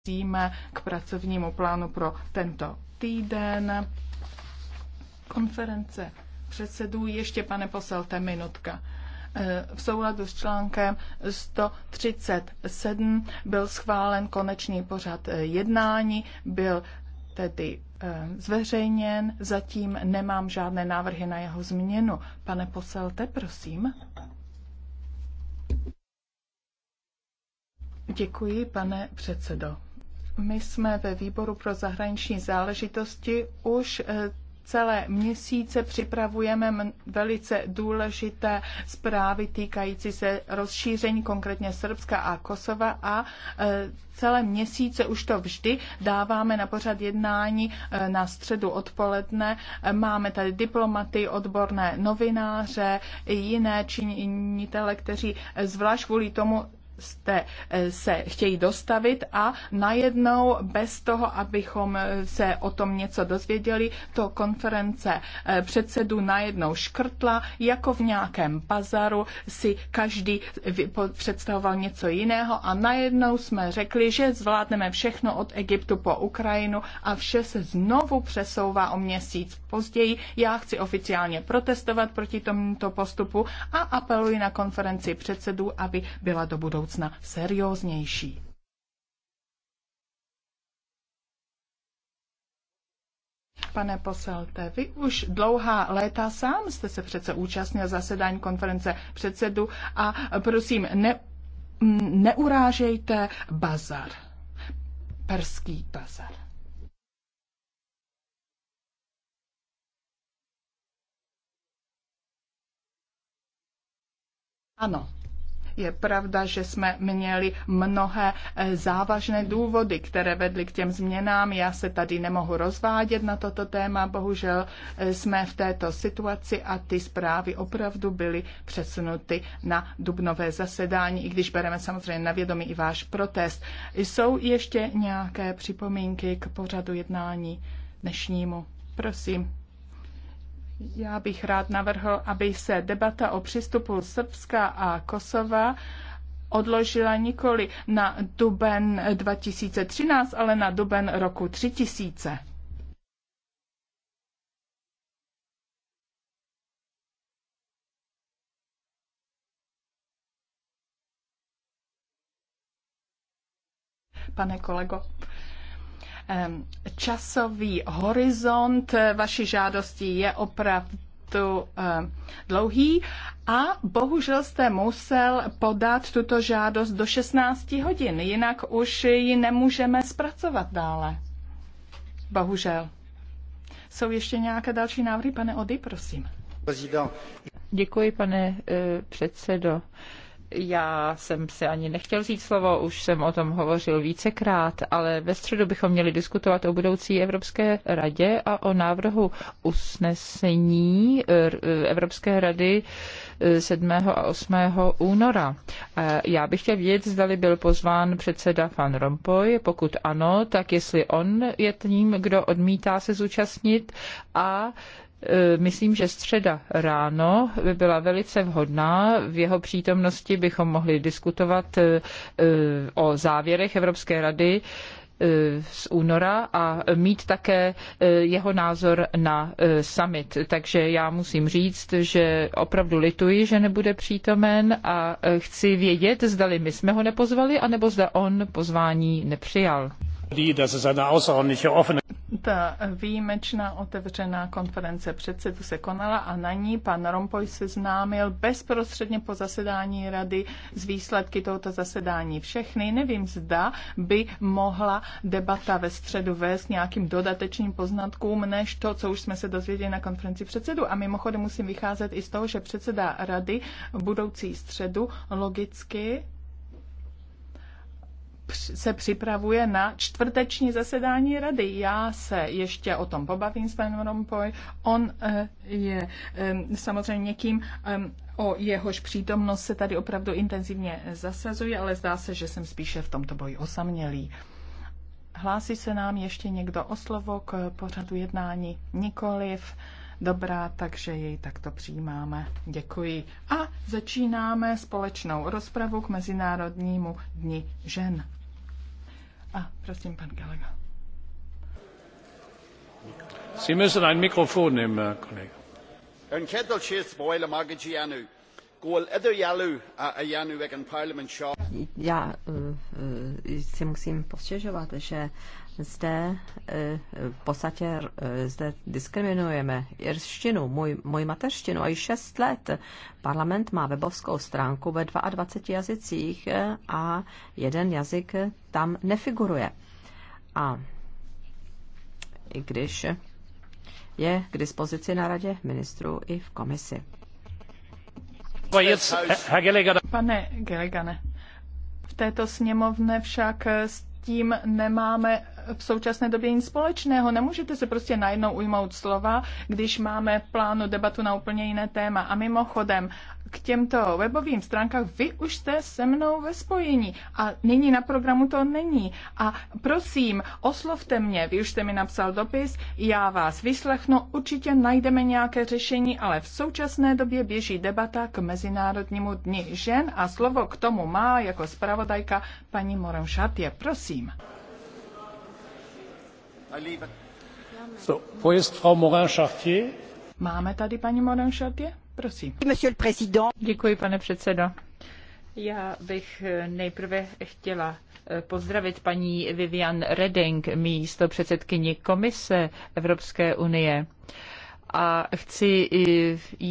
vracíme k pracovnímu plánu pro tento týden. Konference předsedů, ještě pane poselte, minutka. E, v souladu s článkem 137 byl schválen konečný pořad e, jednání, byl tedy e, zveřejněn, zatím nemám žádné návrhy na jeho změnu. Pane poselte, prosím. Děkuji, pane předsedo. My jsme ve výboru pro zahraniční záležitosti už eh, celé měsíce připravujeme velice důležité zprávy týkající se rozšíření konkrétně Srbska a Kosova a eh, celé měsíce už to vždy dáváme na pořad jednání eh, na středu odpoledne. Máme tady diplomaty, odborné novináře, jiné činitele, kteří zvlášť kvůli tomu jste eh, se chtějí dostavit a najednou bez toho, abychom eh, se o tom něco dozvěděli, to konference eh, předsedů najednou škrtla, jako v nějakém bazaru si každý představoval něco jiného a najednou jsme řekli, že zvládneme všechno od Egyptu po Ukrajinu a vše se znovu přesouvá o měsíc později. Já chci oficiálně protestovat proti tomuto postupu a apeluji na konferenci předsedů, aby byla do budoucna budoucna serióznější. Pane poselte, vy už dlouhá léta sám jste se přece účastnil zasedání konference předsedu a prosím, ne, neurážejte bazar, perský bazar. Ano, je pravda, že jsme měli mnohé eh, závažné důvody, které vedly k těm změnám. Já se tady nemohu rozvádět na toto téma. Bohužel eh, jsme v této situaci a ty zprávy opravdu byly přesunuty na dubnové zasedání, i když bereme samozřejmě na vědomí i váš protest. Jsou ještě nějaké připomínky k pořadu jednání dnešnímu? Prosím. Já bych rád navrhl, aby se debata o přístupu Srbska a Kosova odložila nikoli na duben 2013, ale na duben roku 3000. Pane kolego, Časový horizont eh, vaší žádosti je opravdu dlouhý a bohužel jste musel podat tuto žádost do 16 hodin, jinak už ji nemůžeme zpracovat dále. Bohužel. Jsou ještě nějaké další návrhy, pane Ody, prosím. Děkuji, pane eh, předsedo. Já jsem se ani nechtěl říct slovo, už jsem o tom hovořil vícekrát, ale ve středu bychom měli diskutovat o budoucí Evropské radě a o návrhu usnesení eh, eh, Evropské rady 7. Eh, a 8. února. Já bych chtěl vědět, zda byl pozván předseda Van Rompuy, pokud ano, tak jestli on je tím, kdo odmítá se zúčastnit a E, myslím, že středa ráno by byla velice vhodná. V jeho přítomnosti bychom mohli diskutovat e, e, o závěrech Evropské rady z února a mít také jeho názor na summit. Takže já musím říct, že opravdu lituji, že nebude přítomen a chci vědět, zdali my jsme ho nepozvali, anebo zda on pozvání nepřijal. Ta výjimečná otevřená konference předsedu se konala a na ní pan Rompoy seznámil bezprostředně po zasedání rady z výsledky tohoto zasedání všechny. Nevím, zda by mohla debata ve středu vést nějakým dodatečným poznatkům, než to, co už jsme se dozvěděli na konferenci předsedu. A mimochodem musím vycházet i z toho, že předseda rady v budoucí středu logicky se připravuje na čtvrteční zasedání rady. Já se ještě o tom pobavím s panem Rompoy. On eh, je eh, samozřejmě někým, eh, o jehož přítomnost se tady opravdu intenzivně zasazuje, ale zdá se, že jsem spíše v tomto boji osamělý. Hlásí se nám ještě někdo o slovo k pořadu jednání? Nikoliv. Dobrá, takže jej takto přijímáme. Děkuji. A začínáme společnou rozpravu k Mezinárodnímu dni žen. A prosím, pan Gallagher. Sie müssen ein Mikrofon nehmen, Herr Kollege. Er Já eh, er si øh, øh, musím postěžovat, že zde øh, v podstatě zde diskriminujeme jirštinu, můj, můj mateřštinu a již šest let. Parlament má webovskou stránku ve 22 jazycích eh, a jeden jazyk tam nefiguruje. A i když je k dispozici na radě ministrů i v komisi. Uh, Pane Gelegane, v této sněmovně však eh, s tím nemáme v současné době nic společného. Nemůžete se prostě najednou ujmout slova, když máme plánu debatu na úplně jiné téma. A mimochodem, k těmto webovým stránkách, vy už jste se mnou ve spojení a nyní na programu to není. A prosím, oslovte mě, vy už jste mi napsal dopis, já vás vyslechnu, určitě najdeme nějaké řešení, ale v současné době běží debata k Mezinárodnímu dni žen a slovo k tomu má jako zpravodajka paní Morem Šatě. Prosím. So, wo ist Frau Morin-Chartier? Máme tady paní Morin-Chartier? Prosím. Děkuji, pane předsedo. Já bych eh, nejprve chtěla eh, pozdravit paní Vivian Reding, místo předsedkyni Komise Evropské unie. A chci jí eh,